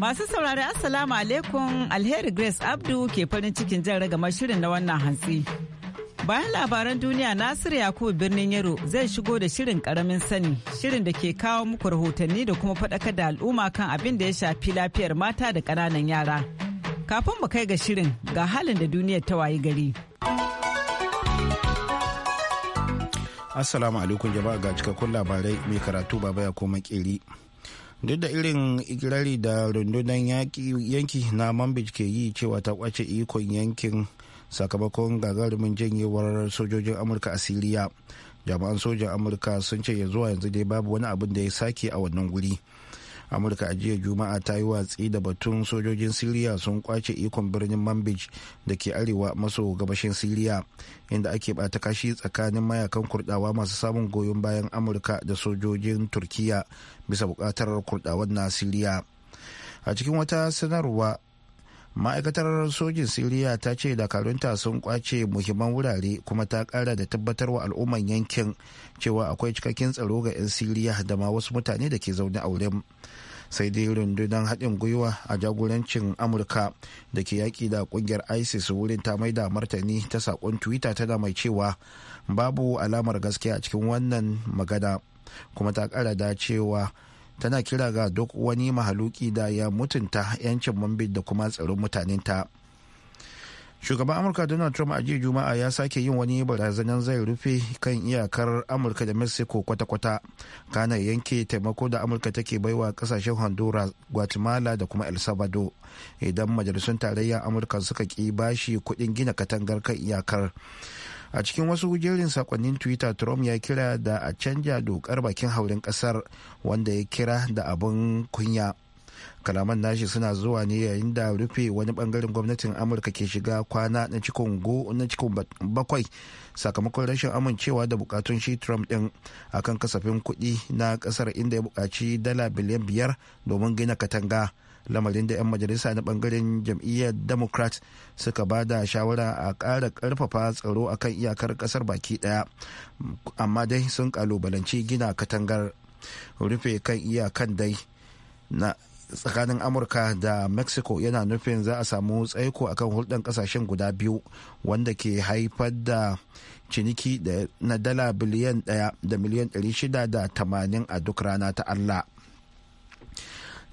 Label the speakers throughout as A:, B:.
A: Masu saurari Assalamu alaikum Alheri Grace Abdu ke farin cikin jan ragamar shirin na wannan hantsi. Bayan labaran duniya Nasiru Yakubu birnin Yaro zai shigo da shirin karamin sani, shirin da ke kawo muku rahotanni da kuma faɗakar da al'umma kan abin da ya shafi lafiyar mata da kananan yara. Kafin mu kai ga shirin ga halin da duniyar ta wayi gari.
B: Assalamu alaikum jama'a ga cikakkun labarai mai karatu baba ya koma kiri. duk da irin ikirari da rundunar yanki na manbij ke yi cewa ta kwace ikon yankin sakamakon gagarumin janyewar sojojin amurka a siriya jami'an sojan amurka sun ce ya zuwa yanzu dai babu wani abin da ya sake a wannan guri amurka a jiya juma'a ta yi watsi da batun sojojin siriya sun kwace ikon birnin manbij da ke arewa maso gabashin siriya inda ake bata kashi tsakanin mayakan kurdawa masu samun goyon bayan amurka da sojojin turkiya bisa bukatar kurdawan na siriya a cikin wata sanarwa ma'aikatar sojin siriya ta ce dakarunta sun kwace muhimman wurare kuma ta kara da tabbatar wa al'umman yankin cewa akwai cikakken tsaro ga 'yan siriya da ma wasu mutane da ke zaune a wurin sai dai rundunar haɗin gwiwa a jagorancin amurka da ke yaƙi da ƙungiyar isis wurin ta maida martani ta saƙon twitter tana mai cewa babu alamar gaskiya a cikin wannan magana kuma ta ƙara da cewa tana kira ga duk wani mahaluki da ya mutunta 'yancin mambit da kuma tsaron ta. shugaban amurka donald trump a jiya juma'a ya sake yin wani barazanar zai rufe kan iyakar amurka da mexico kwata-kwata kana yanke taimako da amurka take baiwa kasashen honduras guatemala da kuma el salvador idan majalisun tarayyar amurka suka ki bashi kudin gina katangar kan iyakar a cikin wasu jerin sakonnin twitter trump ya kira da a canja dokar bakin haurin kasar wanda ya kira da abin kunya kalaman nashi suna zuwa ne yayin da rufe wani bangaren gwamnatin amurka ke shiga kwana na cikin go na cikin bakwai sakamakon rashin amincewa da bukatun shi trump din akan kasafin kuɗi na kasar inda ya buƙaci dala biliyan biyar domin gina katanga lamarin da 'yan majalisa na bangaren jam'iyyar democrat suka ba da shawara a ƙara ƙarfafa tsaro a kan iyakar ƙasar baki ɗaya amma dai sun ƙalubalanci gina katangar rufe kan iyakan dai na tsakanin amurka da mexico yana nufin za a samu tsaiko a kan hulɗar ƙasashen guda biyu wanda ke haifar da ciniki na dala biliyan ɗaya da miliyan 680 a duk rana ta allah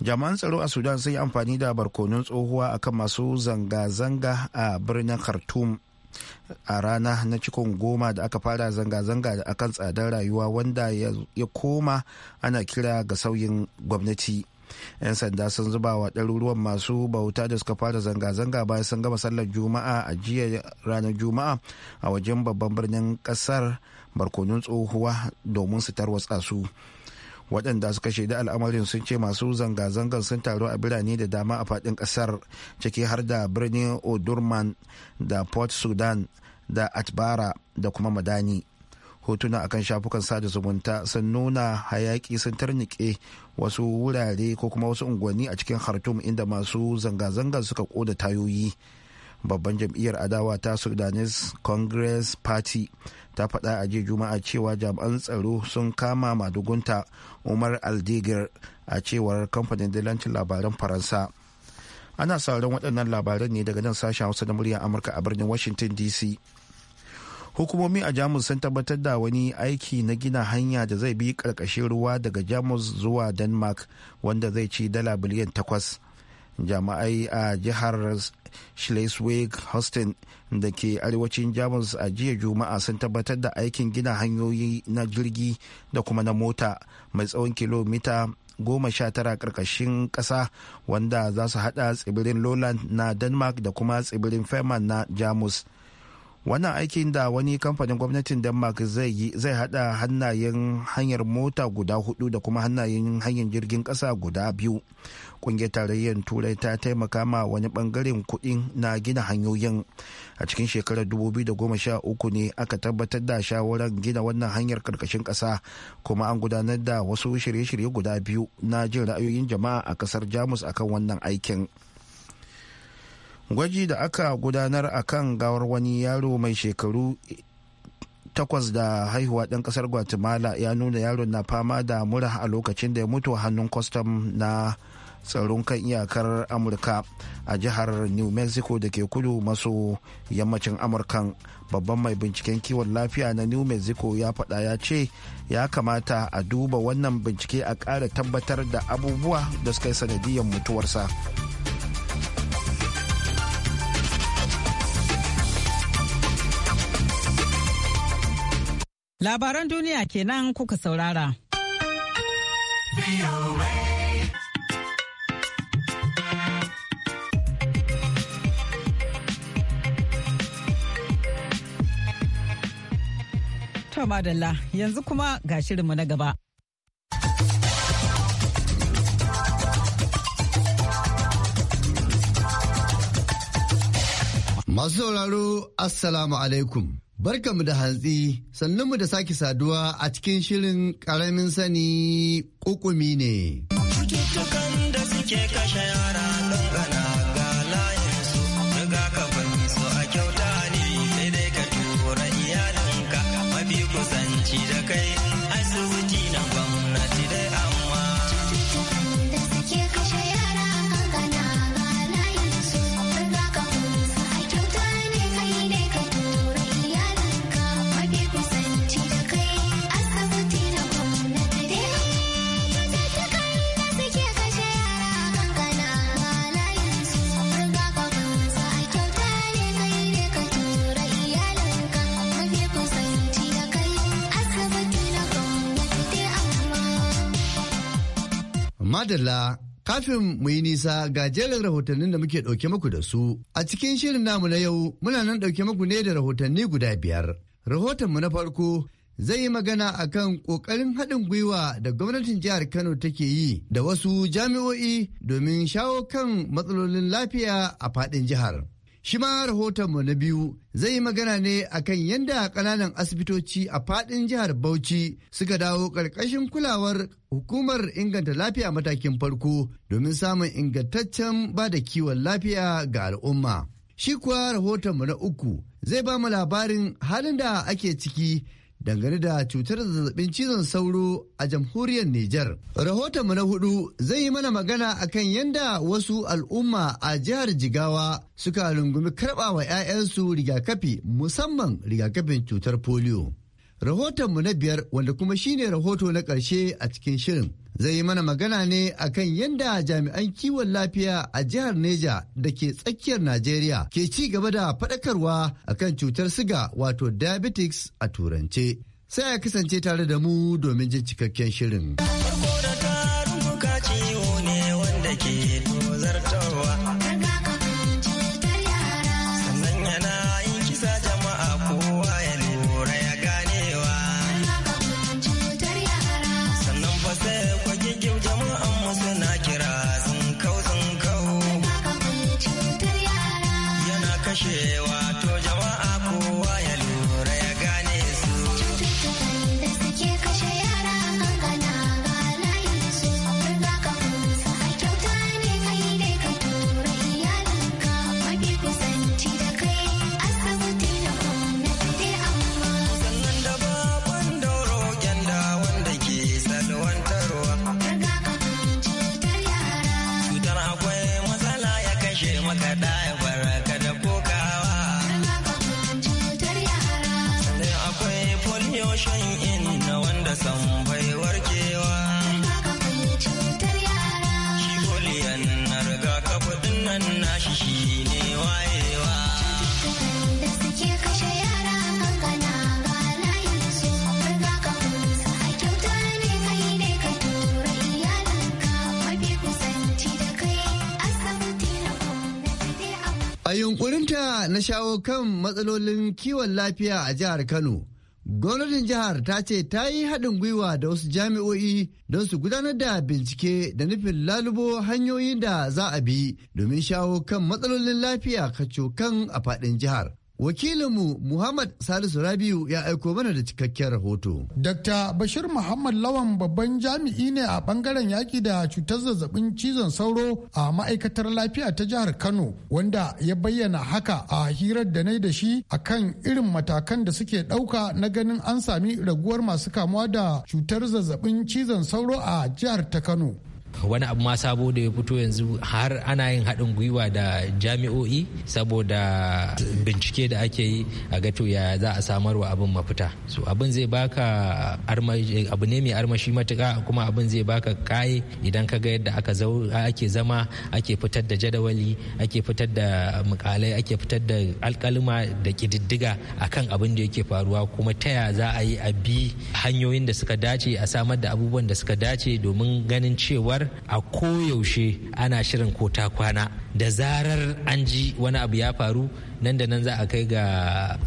B: jami'an tsaro a sudan sun yi amfani da barkonon tsohuwa akan masu zanga-zanga a birnin khartoum a rana na cikin goma da aka fara zanga-zanga a akan tsadar rayuwa wanda ya koma ana kira ga sauyin gwamnati. 'yan sanda sun zuba wa ɗaruruwan masu bauta da suka fara zanga-zanga bayan sun gama sallar juma'a a jiya ranar juma'a a wajen babban birnin ƙasar barkonun tsohuwa domin su tarwatsa su. waɗanda suka shaida al'amarin sun ce masu zanga-zangar sun taru a birane da dama a faɗin ƙasar ciki har da birnin odurman da port sudan da atbara da kuma madani hotuna akan shafukan sada zumunta sun nuna hayaki sun tarnike wasu wurare ko kuma wasu unguwanni a cikin khartoum inda masu zanga-zangar suka koda tayoyi babban jam'iyyar adawa ta sudanese congress party ta faɗa a jiya juma'a cewa jami'an tsaro sun kama madugunta umar aldegar a cewar kamfanin dalancin labaran faransa ana sauran waɗannan labaran ne daga nan sashen hausa na muryar amurka a birnin washington dc hukumomi a jamus sun tabbatar da wani aiki na gina hanya da zai bi karkashin ruwa daga jamus zuwa denmark wanda zai ci dala biliyan takwas jama'ai a jihar schleswig-holstein da ke arewacin jamus a jiya juma'a sun tabbatar da aikin gina hanyoyi na jirgi da kuma na mota mai tsawon kilomita goma sha tara karkashin ƙasa wanda za su hada tsibirin lowland na denmark da kuma tsibirin fehmarn na jamus wannan aikin da wani kamfanin gwamnatin denmark zai zai hada hannayen hanyar mota guda hudu da kuma hannayen hanyar jirgin kasa guda biyu kungiyar tarayyar turai ta taimaka ma wani bangaren kudin na gina hanyoyin a cikin shekarar 2013 ne aka tabbatar da shawarar gina wannan hanyar karkashin kasa kuma an gudanar da wasu shirye-shirye guda biyu na jin ra'ayoyin jama'a a kasar jamus akan wannan aikin. gwaji da aka gudanar a kan gawar wani yaro mai shekaru takwas da haihuwa ɗan ƙasar guatemala ya nuna yaron na fama da mura a lokacin da ya mutu hannun kwastam na tsaron kan iyakar amurka a jihar new mexico da ke kudu maso yammacin amurkan babban mai binciken kiwon lafiya na new mexico ya faɗa ya ce ya kamata a duba wannan bincike a ƙara tabbatar da abubuwa da suka yi sanadiyar mutuwarsa.
A: Labaran duniya kenan kuka saurara. To madalla yanzu kuma ga shirinmu na gaba.
C: Masu sauraro, Assalamu alaikum. Barka mu da hantsi, mu da sake saduwa a cikin shirin ƙaramin sani ƙuƙumi ne.
D: Cututtukan da suke kashe yara don gana ga layinsu, daga kafinsu a kyauta ne, sai dai ka tura iyalinka mafi kusanci da kai.
C: Madalla Kafin mu yi nisa ga jerin rahotannin da muke ɗauke muku da su, a cikin shirin namu na yau muna nan ɗauke muku ne da rahotanni guda biyar. Rahotonmu na farko zai yi magana a kan ƙoƙarin haɗin gwiwa da gwamnatin jihar Kano take yi da wasu jami'o'i domin shawo kan matsalolin lafiya a faɗin jihar. Shi ma rahotonmu na biyu zai yi magana ne akan yadda ƙananan asibitoci a faɗin jihar Bauchi suka dawo ƙarƙashin kulawar hukumar inganta lafiya matakin farko domin samun ingantaccen ba da kiwon lafiya ga al'umma. Shi kuwa rahotonmu na uku zai ba mu labarin halin da ake ciki dangane da cutar zazzabin cizon sauro a jamhuriyar Nijar. Rahotonmu na hudu zai yi mana magana akan yadda wasu al'umma a jihar Jigawa suka rungumi karɓa wa 'ya'yansu rigakafi musamman rigakafin cutar polio. mu na biyar wanda kuma shine rahoto na ƙarshe a cikin shirin zai yi mana magana ne akan yadda jami'an kiwon lafiya a jihar Neja da ke tsakiyar Najeriya ke ci gaba da faɗakarwa akan cutar siga wato diabetics a turance. Sai a kasance tare da mu domin jin cikakken shirin.
D: muka die.
C: jiya na shawo kan matsalolin kiwon lafiya a jihar Kano. Gwamnatin jihar ta ce ta yi haɗin gwiwa da wasu jami'o'i don su gudanar da bincike da nufin lalubo hanyoyin da za a bi domin shawo kan matsalolin lafiya kacokan a faɗin jihar. Wakilinmu Muhammad Salisu Rabiu ya aiko mana da cikakken rahoto. Dr. Bashir Muhammad Lawan babban jami'i ne a bangaren yaki da cutar
E: zazzabin cizon sauro a ma'aikatar lafiya ta jihar Kano wanda ya bayyana haka a hirar da nai da shi akan irin matakan da suke ɗauka na ganin an sami raguwar masu kamuwa da cutar zazzabin cizon sauro a jihar ta Kano.
F: wani abu ma sabo da ya fito yanzu har ana yin haɗin gwiwa da jami'o'i saboda bincike da ake yi a gato ya za a samarwa abin mafita so abin zai baka abu ne mai armashi matuka kuma abin zai baka kaye idan ka ga yadda aka ake zama ake fitar da jadawali ake fitar da mukalai ake fitar da alkalima da kididdiga akan abin da yake faruwa kuma taya za a yi a bi hanyoyin da suka dace a samar da abubuwan da suka dace domin ganin cewar a koyaushe ana shirin ko kwana da zarar an ji wani abu ya faru nan da nan za a kai ga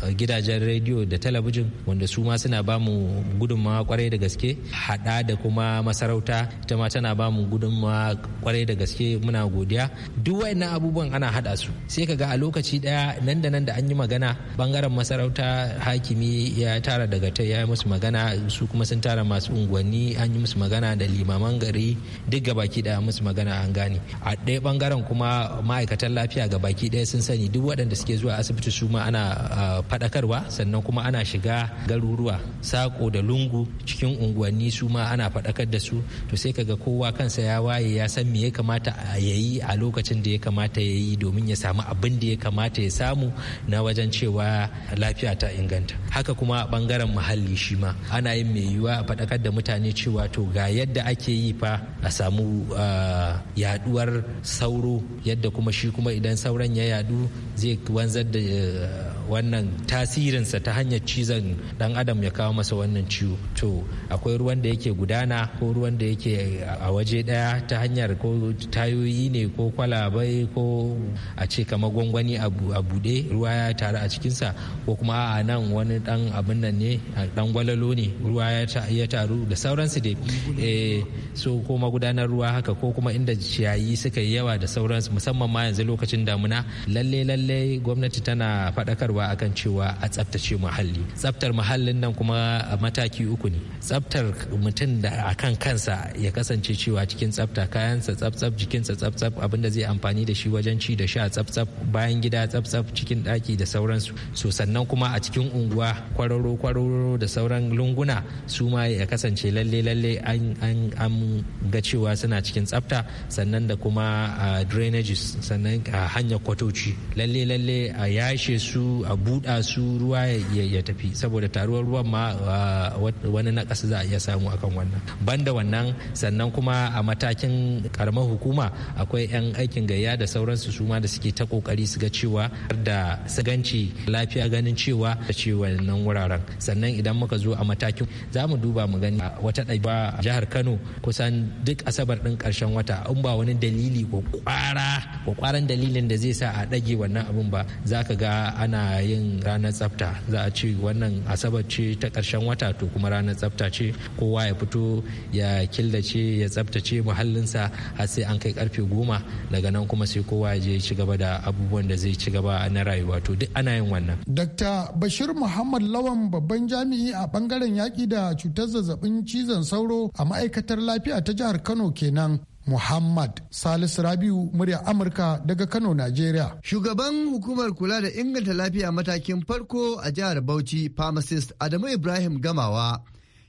F: uh, gidajen rediyo da talabijin wanda su ma suna ba mu gudunmawa kwarai da gaske hada da kuma masarauta ta ma tana ba mu gudunmawa kwarai da gaske muna godiya duk wayannan abubuwan ana hada su sai ka ga a lokaci daya nan da nan da an yi magana bangaren masarauta hakimi ya tara daga ta ya yi musu magana su kuma sun tara masu unguwanni an yi musu magana da limaman gari duk ga baki daya musu magana an gane a ɗaya bangaren kuma ma'aikatan lafiya ga baki daya sun sani duk waɗanda suke zuwa asibiti su ma ana fadakarwa sannan kuma ana shiga garuruwa sako da lungu cikin unguwanni su ma ana fadakar da su to sai kaga kowa kansa ya waye ya san me ya kamata ya yi a lokacin da ya kamata ya yi domin ya samu abin da ya kamata ya samu na wajen cewa lafiya ta inganta haka kuma bangaren muhalli shi ma ana yin mai yiwuwa a fadakar da mutane cewa to ga yadda ake yi fa a samu yaduwar sauro yadda kuma shi kuma idan sauran ya yadu zai wanzar da wannan tasirinsa ta hanyar cizon dan adam ya kawo masa wannan ciwo to akwai ruwan da yake gudana ko ruwan da yake a waje daya ta hanyar ko tayoyi ne ko kwalabai ko a ce kama gwangwani a bude ruwa ya taru a cikinsa ko kuma a nan wani dan abin nan ne dan gwalalo ne ruwa ya taru da sauransu dai eh, so ko magudanar ruwa haka ko kuma inda ciyayi suka yi yawa da sauransu musamman ma yanzu lokacin damuna lalle lalle gwamnati tana faɗakarwa cewa akan cewa a tsaftace muhalli tsaftar muhallin nan kuma mataki uku ne tsaftar mutum da akan kansa ya kasance cewa cikin tsafta kayansa tsaftsaf jikinsa tsaftsaf abinda zai amfani da shi wajen ci da sha tsaftsaf bayan gida tsaftsaf cikin daki da sauransu so sannan kuma a cikin unguwa kwararo kwararo da sauran lunguna su ma ya kasance lalle lalle an ga cewa suna cikin tsafta sannan da kuma ah, drainages sannan ah, hanyar kwatoci lalle lalle a yashe su a buɗa su ruwa ya tafi saboda taruwar ruwan ma wani na za a iya samu akan wannan banda wannan sannan kuma a matakin karamar hukuma akwai 'yan aikin gayya da sauransu su ma da suke ta kokari su ga cewa da saganci lafiya ganin cewa da ce wannan wuraren sannan idan muka zo a matakin za mu duba mu gani wata ɗaiba jihar kano kusan duk asabar ɗin ƙarshen wata in ba wani dalili ko kwaran dalilin da zai sa a ɗage wannan abun ba za ka ga ana yin ranar tsafta za a ce wannan asabar ce ta ƙarshen wata to kuma ranar tsafta ce kowa ya fito ya killace ya tsaftace muhallinsa har sai an kai karfe goma daga nan kuma sai kowa ya je ci gaba da abubuwan da zai ci gaba na rayuwa to duk ana yin wannan.
E: dakta Bashir Muhammad Lawan babban jami'i a bangaren yaƙi da cutar zazzabin cizon sauro a ma'aikatar lafiya ta jihar Kano kenan
C: Muhammad Salisu Rabiu murya Amurka daga Kano, Najeriya. Shugaban hukumar kula da inganta lafiya matakin farko a jihar Bauchi, pharmacist Adamu Ibrahim Gamawa,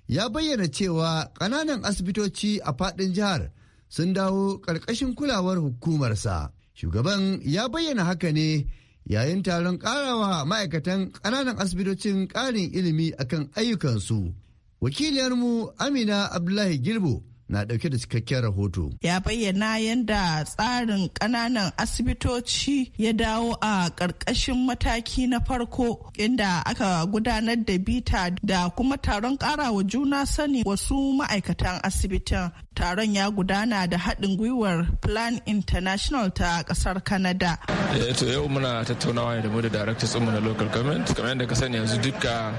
C: ya bayyana cewa ƙananan asibitoci a faɗin jihar sun dawo ƙarƙashin kulawar hukumarsa. Shugaban ya bayyana haka ne yayin taron ƙarawa ma'aikatan ƙananan asibitocin ƙarin ilimi akan ayyukansu. Wakiliyarmu Amina Abdullahi Girbo na dauke da cikakken rahoto. Ya bayyana yadda tsarin kananan asibitoci ya dawo a ƙarƙashin
A: mataki na farko inda aka gudanar da bita da kuma taron ƙarawa juna sani wasu ma'aikatan asibitin. Taron ya gudana da haɗin gwiwar Plan International ta ƙasar Canada.
G: Eh, to yau muna tattaunawa da mu da directors na local government kamar yadda ka sani yanzu duka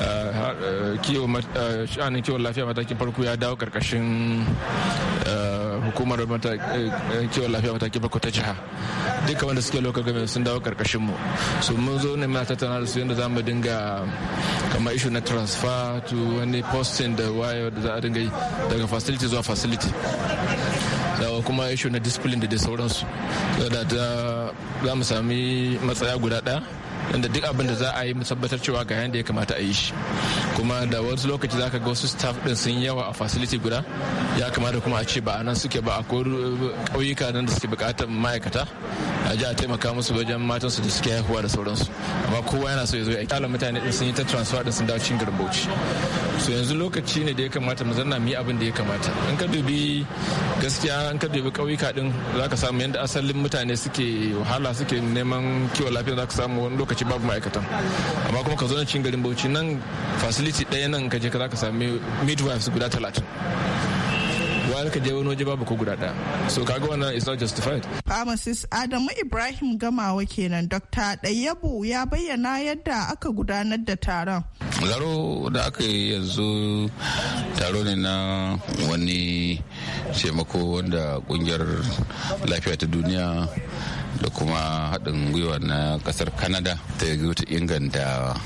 G: eh, Eh, eh, shanin kiwon lafiya matakin farko ya dawo karkashin eh, hukumar kiwon lafiya matakin farko ta jiha duka wanda suke local government sun dawo karkashin mu so mun zo ne muna tattauna da su yadda za mu dinga kamar ishu na transfer to wani posting da waya da za a dinga yi daga facility zuwa facility dawa kuma ishu na discipline da dai sauransu da za mu sami matsaya guda ɗaya inda duk abin da za a yi mu tabbatar cewa ga yadda ya kamata a yi shi kuma da wasu lokaci za ka ga wasu staff din sun yawa a facility guda ya kamata kuma a ce ba a nan suke ba a eh, ƙauyuka nan da suke buƙatar ma'aikata a ji a taimaka musu wajen matan su da suke haihuwa da sauransu amma kowa yana so ya zo ya kyala mutane din sun yi ta transfer din sun dawo cikin garbauci so yanzu lokaci ne da ya kamata mu zanna mu yi abin da ya kamata in ka dubi gaskiya in ka dubi kauyuka din za ka samu yadda asalin mutane suke wahala suke neman kiwon lafiya za ka samu wani lokaci babu ma'aikatan amma kuma ka zo cikin garin bauchi nan facility ɗaya nan ka je ka za ka sami midwives guda talatin wani ka je wani waje babu ko guda ɗaya so kaga wannan is not justified
A: pharmacist adamu ibrahim gamawa kenan dr ɗayyabu ya bayyana yadda aka gudanar da taron
E: zaro da aka yi yanzu taro ne na wani taimako wanda kungiyar lafiya ta duniya da kuma haɗin gwiwa na ƙasar canada ta inganta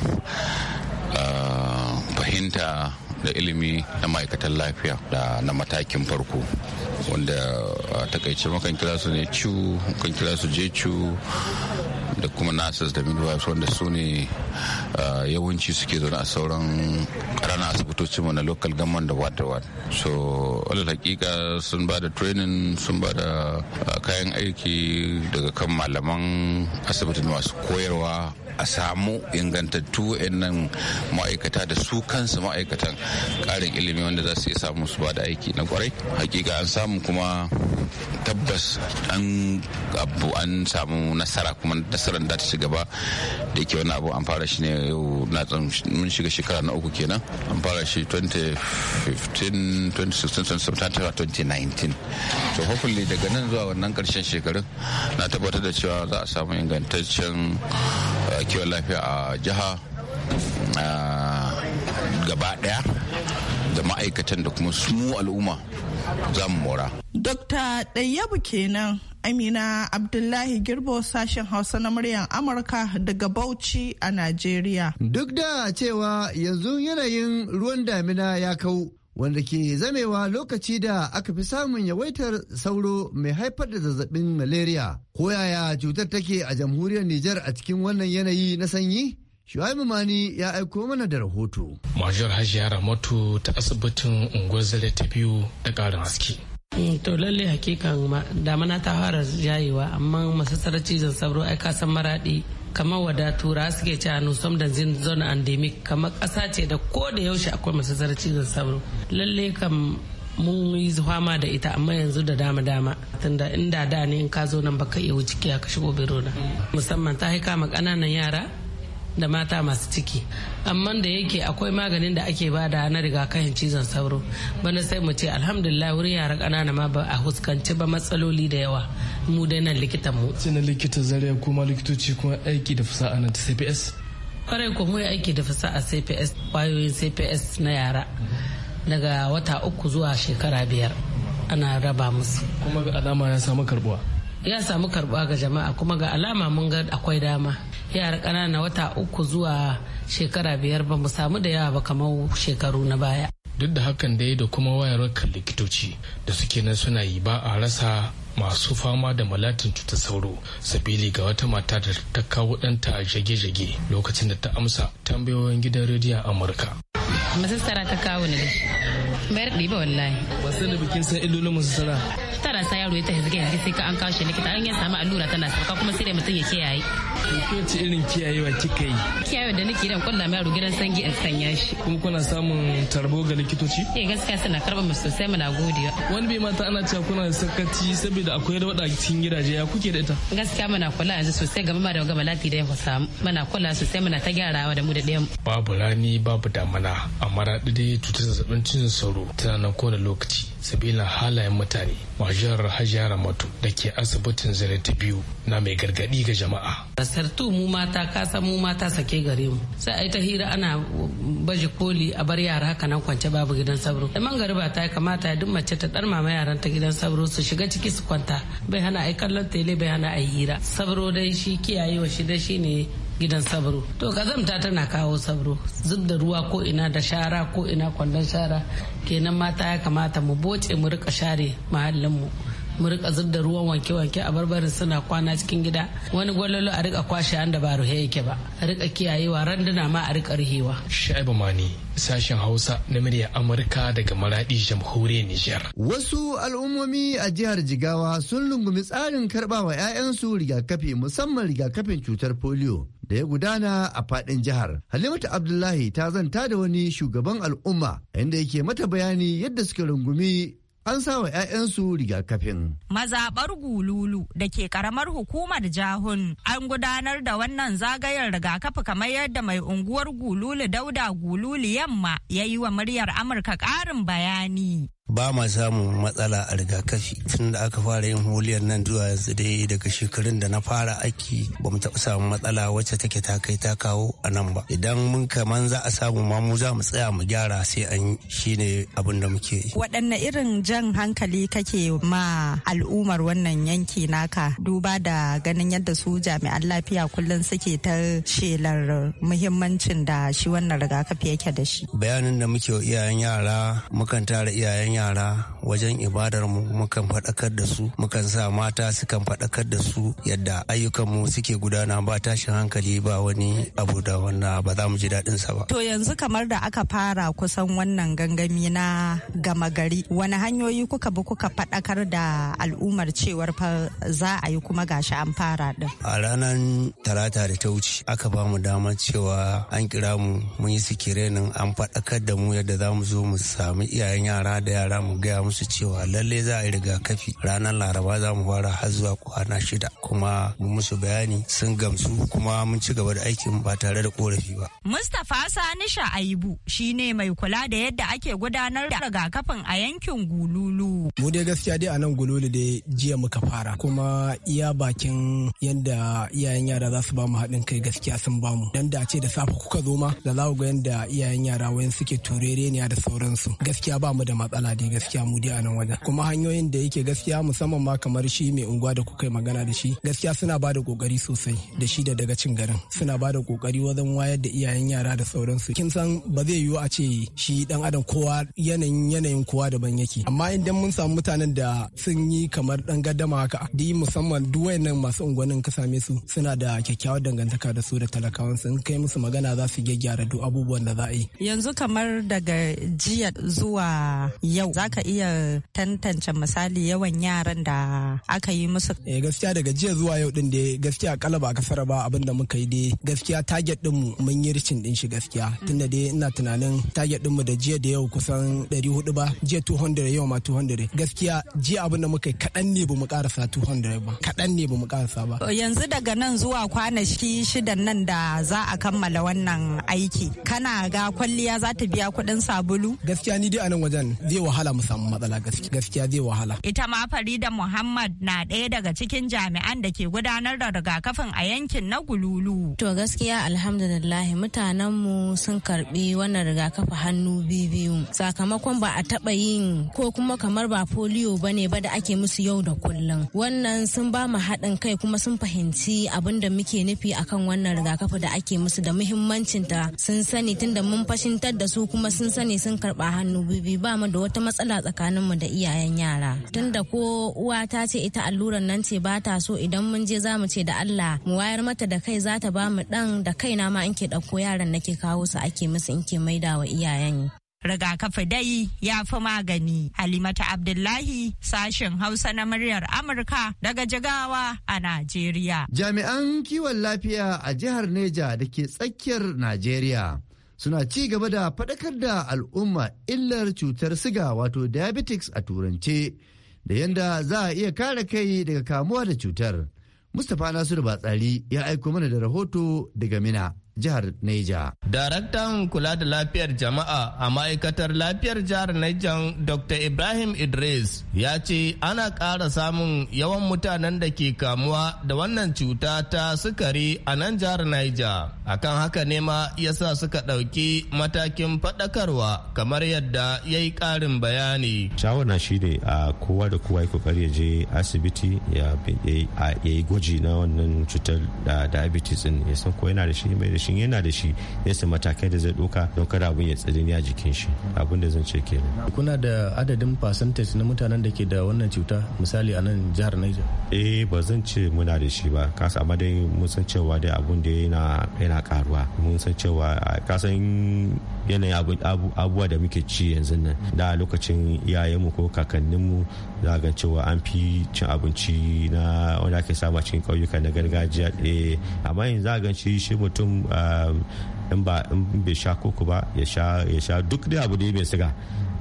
E: ah, fahimta da ilimi na ma'aikatan lafiya da na matakin farko wanda a takaice makan kira su ne cu kan kira su je da kuma nurses da midwives wanda su ne yawanci suke zaune a sauran asibitoci mu na local government da ward da ward so alal hakika sun ba da training sun ba da kayan aiki daga kan malaman asibitin masu koyarwa a samu ingantattu nan ma'aikata da su kansu ma'aikatan karin ilimi wanda za su iya samu su ba da aiki na kwarai hakika an samu kuma tabbas an abu an samu nasara kuma nasarar da ta ci gaba da ke wani abu an fara shi ne yau na mun shiga shekara na uku kenan an fara shi 2015 2016 2019 so hopefully daga nan zuwa wannan karshen shekarun na tabbatar da cewa za a samu ingantaccen kiwon lafiya a jiha gaba daya da ma'aikatan da kuma su al'umma za mu mora.
A: Dokta Ɗayyabu kenan Amina Abdullahi Girbo sashen Hausa na muryar Amurka
C: daga Bauchi a Najeriya. Duk da cewa yanzu yanayin ruwan damina ya kawo. wanda ke zamewa lokaci da aka fi samun yawaitar sauro mai haifar da zazzabin malaria ko yaya cutar take a jamhuriyar Nijar a cikin wannan yanayi na sanyi? Shuaibu Mani ya aiko mana da rahoto.
H: Major Hajiya Ramatu ta asibitin unguwar ta biyu da ƙarin haske.
C: Eh, to lalle
I: hakikan damana ta fara jayewa amma masassarar cizon sauro ai ka san maraɗi kamar wada tura suke cewa no som da zin zona endemic kamar kasa ce da ko da yaushe akwai masu cizon sauro lalle kam mun yi fama da ita amma yanzu da dama dama tunda inda da ne in ka zo nan baka iya wuce ka shigo birona musamman ta haika ma kananan yara da mata masu ciki amma da yake akwai maganin da ake bada na rigakafin cizon sauro bana sai mu ce alhamdulillah wurin yara ƙanana ma ba a huskanci ba matsaloli da yawa mu dai nan likitan mu
H: na likita zare kuma likitoci kuma aiki da fasaha na CPS
I: kwarai ko mu aiki da fasaha CPS kwayoyin CPS na yara daga wata uku zuwa shekara biyar ana raba musu kuma ga alama ya samu karbuwa ya samu karbuwa ga jama'a kuma ga alama mun ga akwai dama yara ƙanana wata uku zuwa shekara biyar ba mu samu da yawa ba kamar shekaru na baya
H: duk da hakan dai da kuma wayar likitoci da suke nan suna yi ba a rasa masu fama da malatin cutar sauro sabili ga wata mata da ta kawo ɗanta a jage-jage lokacin da ta amsa tambayoyin gidan rediyon amurka
I: masistara ta kawo ni mayar ɗiba wallahi ba sai da bikin sai illolin musu sana tara sa yaro ya ta yanzu hizge sai ka an kawo shi likita an yi samu allura tana sauka kuma sai da mutum ya kiyaye ko
H: ce irin kiyayewa kika yi
I: kiyayewa da nake dan kwalla ma yaro gidan sangi in sanya shi kuma kuna samun tarbo ga likitoci eh gaskiya suna karba mu sosai muna godiya
H: wani bai mata ana cewa kuna sakaci saboda akwai wada cikin gidaje ya kuke da ita
I: gaskiya muna kula yanzu sosai ga ma da ga malati da ya samu muna kula sosai muna ta gyarawa da mu da ɗayan
H: babu rani babu damana amma da dai cutar zazzabin cizon sauro tsaro tana nan kowane lokaci sabila halayen mutane wajen hajiya ramatu da ke asibitin zare ta biyu na mai gargadi ga jama'a.
I: tu mu mata kasa mu mata sake gare mu sai ai ta hira ana baje koli a bar yara haka nan kwance babu gidan sauro da man gariba ta kamata duk mace ta dar mama yaran ta gidan sauro su shiga ciki su kwanta bai hana yi kallon tele bai hana a yi hira sauro dai shi kiyayewa shi dai shi ne. gidan sabro to kazamta tana kawo sabro zub da ruwa ko ina da shara ko ina kwandon shara kenan mata ya kamata mu boce mu rika share muhallin mu mu rika zub da ruwan wanke-wanke a barbarin suna kwana cikin gida wani gwalolo a rika kwashe an da ba ruhe yake ba a rika kiyayewa randuna ma a rika ruhewa
H: sha'ibu mani sashen hausa na murya amurka daga maradi jamhuriyar nijar
C: wasu al'ummomi a jihar jigawa sun lungumi tsarin karbawa 'ya'yansu rigakafi musamman rigakafin cutar polio da ya gudana a fadin jihar. Halimatu Abdullahi ta zanta da wani shugaban al'umma inda yake mata bayani yadda suka rungumi an sa sawa 'ya'yansu rigakafin.
J: Mazaɓar gululu da ke karamar hukumar jahun an gudanar da wannan zagayen rigakafi kamar yadda mai unguwar gululu dauda gululu yamma ya yi wa muryar Amurka ƙarin bayani.
K: ba ma samun matsala a rigakafi tun da aka fara yin holiyar nan zuwa yanzu dai daga shekarun da na fara aiki ba mu taɓa samun matsala wacce take ta kai ta kawo a nan ba idan mun kaman za a samu ma mu za mu tsaya mu gyara sai an shi shine abin da muke yi
J: waɗanne irin jan hankali kake ma al'ummar wannan yanki naka duba da ganin yadda su jami'an lafiya kullum suke ta shelar muhimmancin da shi wannan rigakafi yake da shi
K: bayanin da muke wa iyayen yara mukan tara iyayen yara wajen ibadar mu mukan faɗakar da su mukan sa mata su kan faɗakar da su yadda ayyukan mu suke gudana ba tashin hankali ba wani abu da wanda ba za mu ji daɗin sa ba.
J: To yanzu kamar da aka fara kusan wannan gangami na gama gari wani hanyoyi kuka bi kuka faɗakar da al'ummar cewar fa za a yi kuma gashi an fara din.
K: A ranar talata da ta wuce aka ba mu damar cewa an kira mu mun yi sikirenin an faɗakar da mu yadda za mu zo mu sami iyayen yara da yara mu gaya musu cewa lalle za a yi rigakafi ranar laraba za mu fara har zuwa kwana shida kuma mu musu bayani sun gamsu kuma mun ci gaba da aikin ba tare da korafi ba.
J: Mustapha Sani shi shine mai kula da yadda ake gudanar da rigakafin a yankin Gululu.
K: Mu
L: dai gaskiya dai a nan Gululu dai jiya muka fara kuma iya bakin yadda iyayen yara za su ba mu haɗin kai gaskiya sun ba mu. Dan da ce da safe kuka zo ma da za ku ga yadda iyayen yara wayan suke turere ne da sauransu. Gaskiya ba mu da matsala dai gaskiya mu dai a nan wajen kuma hanyoyin da yake gaskiya musamman ma kamar shi mai unguwa da kuka yi magana da shi gaskiya suna ba da kokari sosai da shi da daga cin garin suna ba da kokari wajen wayar da iyayen yara da sauransu kin san ba zai yiwu a ce shi dan adam kowa yanayin yanayin kowa daban yake amma idan mun samu mutanen da sun yi kamar dan gaddama haka di musamman duk wayannan masu unguwannin ka same su suna da kyakkyawar dangantaka da su da talakawan sun kai musu magana za su gyaggyara duk abubuwan da za a yi
J: yanzu kamar daga jiya zuwa yau yau ka iya tantance misali yawan yaran da aka yi musu eh
L: gaskiya daga jiya zuwa yau din dai gaskiya kala ba fara ba abin da muka yi dai gaskiya target din mu mun yi ricin din shi gaskiya mm. tunda dai ina tunanin target din mu da jiya da yau kusan 400 ba jiya 200 yau ma 200 gaskiya jiya abin da muka yi kadan ne bamu karasa 200 ba kadan ne bamu karasa ba
J: yanzu daga nan zuwa kwanaki shidan nan da za a kammala wannan aiki kana ga kwalliya za ta biya kuɗin sabulu gaskiya ni dai a nan wajen zai wahala mu samu matsala gaskiya zai wahala. Ita ma Farida Muhammad na ɗaya daga cikin jami'an da ke gudanar da rigakafin a yankin na Gululu. To gaskiya alhamdulillah mutanen mu sun karbi wannan rigakafi hannu biyu sakamakon ba a taba yin ko kuma kamar ba polio ne ba da ake musu yau da kullum. Wannan sun ba mu haɗin kai kuma sun fahimci abin da muke nufi akan wannan rigakafi da ake musu da muhimmancinta sun sani tunda mun fashintar da su kuma sun sani sun karba hannu biyu ba mu da wata matsala tsakaninmu da iyayen yara tunda ko uwa ta ce ita alluran nan ce ba ta so idan mun je za ce da Allah mu wayar mata da kai za ta ba mu dan da kaina ma in ke ɗauko yaran nake kawo su ake musu in ke maida wa iyayen rigakafi dai ya fi magani. Halimata Abdullahi sashen Hausa na muryar Amurka daga Jigawa a Najeriya.
C: Jami'an kiwon lafiya a jihar Neja da ke tsakiyar Najeriya suna ci gaba da faɗakar da al'umma illar cutar siga wato diabetics a turance da yadda za a iya kare kai daga kamuwa da cutar. Mustapha Nasiru Batsari ya aiko mana da rahoto daga Mina. jihar Neja.
M: Daraktan kula da lafiyar jama'a a ma'aikatar lafiyar jihar Neja Dr. Ibrahim Idris ya ce ana ƙara samun yawan mutanen da ke kamuwa da wannan cuta ta sukari a nan jihar Neja. Akan haka ne ma sa suka ɗauki matakin faɗakarwa kamar yadda
N: ya yi ƙarin bayani. Shawara shi ne a kowa da kowa ya ya je asibiti ya yi gwaji na wannan cutar da diabetes ya san ko yana da shi mai da shin yana da shi ne su matakai da zai doka don kada abin ya tsirini a jikin shi abin da zan ce kenan
M: kuna da adadin percentage na mutanen da ke da wannan cuta misali a
N: nan jihar Niger eh ba zan ce muna da shi ba kasa amma dai mun san cewa dai abun da yana yana karuwa mun san cewa kasan yanayin abubuwa da muke ci yanzu nan da lokacin iyayenmu ko kakanninmu za ga cewa an fi cin abinci na wanda ake samu cikin ƙauyuka na gargajiya eh, amma yanzu za ga shi mutum ah, in ba in bai sha koko ba ya sha duk da abu da ya mai siga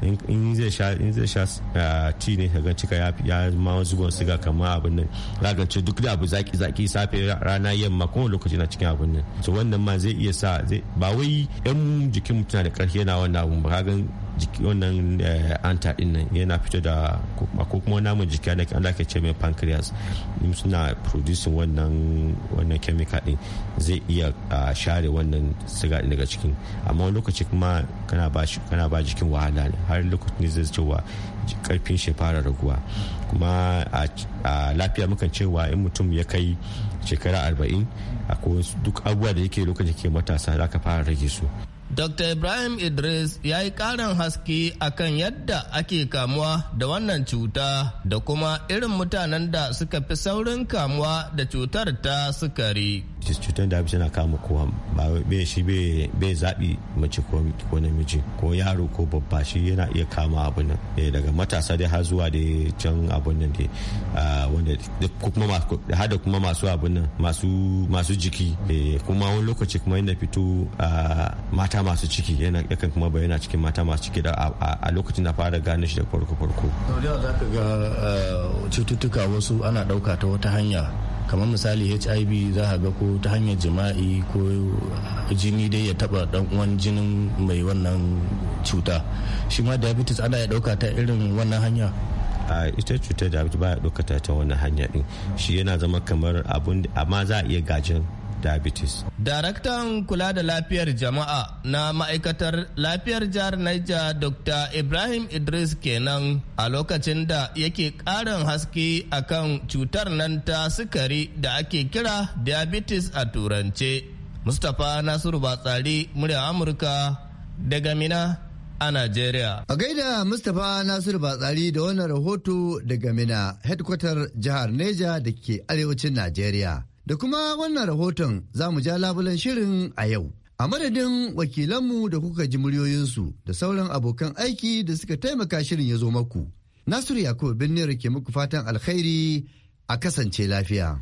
N: in zai sha in zai sha eh, ti ne ga cika ya ya ma zugon siga kamar abin nan zaka ce duk da abu zaki zaki safe rana yamma ko lokaci na cikin abin nan to wannan ma zai iya sa ba wai yan jikin mutum da karfi yana wannan abun ba ga wannan eh, anta din nan yana fito da ko kuma namun jiki da Allah ce mai pancreas suna producing wannan wannan chemical din zai iya share wannan siga daga cikin amma wani lokaci kuma kana ba kana ba jikin wahala ne har lokacin zai cewa karfin shi fara raguwa kuma a lafiya muka cewa in mutum ya kai shekara arba'in akwai duk abubuwa da yake lokacin ke matasa za ka fara rage su
M: Dr. Ibrahim Idris ya yi ƙarin haske akan yadda ake kamuwa da wannan cuta da kuma irin mutanen da suka fi saurin kamuwa
N: da cutar ta sukari. cutar abincin na kama kowa ba shi bai zaɓi mace ko namiji ko yaro ko babba shi yana iya kama abin nan eh, daga matasa dai har zuwa da can abin nan dai ah, wanda kuma har da kuma masu abin nan masu jiki eh, kuma wani lokaci kuma yana fito ah, mata masu ciki yana yakan kuma bayyana cikin mata masu ciki da a lokacin da fara gane shi da farko farko.
M: Sau da za ka ga ah, cututtuka wasu ana ɗauka ta wata hanya kamar misali hiv za a ga ko ta hanyar jima'i ko jini dai ya taba dan uwan jinin mai wannan cuta shi ma diabetes ana ya dauka ta irin wannan hanya
N: a ita cutar diabetes ba ya dauka ta wannan hanya din shi yana zama kamar abun amma za a iya gajin diabetes.
M: Daraktan kula da lafiyar jama'a na ma'aikatar lafiyar jihar Niger Dr. Ibrahim Idris kenan a lokacin da yake ƙarin haske akan cutar nan ta sukari da ake kira diabetes a turance. Mustapha Nasiru Batsari murya Amurka daga Mina a Najeriya.
C: A gaida Mustapha Nasiru Batsari da wannan rahoto daga Mina, headquarter jihar Neja da ke arewacin Najeriya. Da kuma wannan rahoton za mu ja labulen shirin a yau. A madadin wakilanmu da kuka ji muryoyinsu da sauran abokan aiki da suka taimaka shirin ya zo maku. Nasiru Yakubu Binnir ke muku fatan alkhairi a kasance lafiya.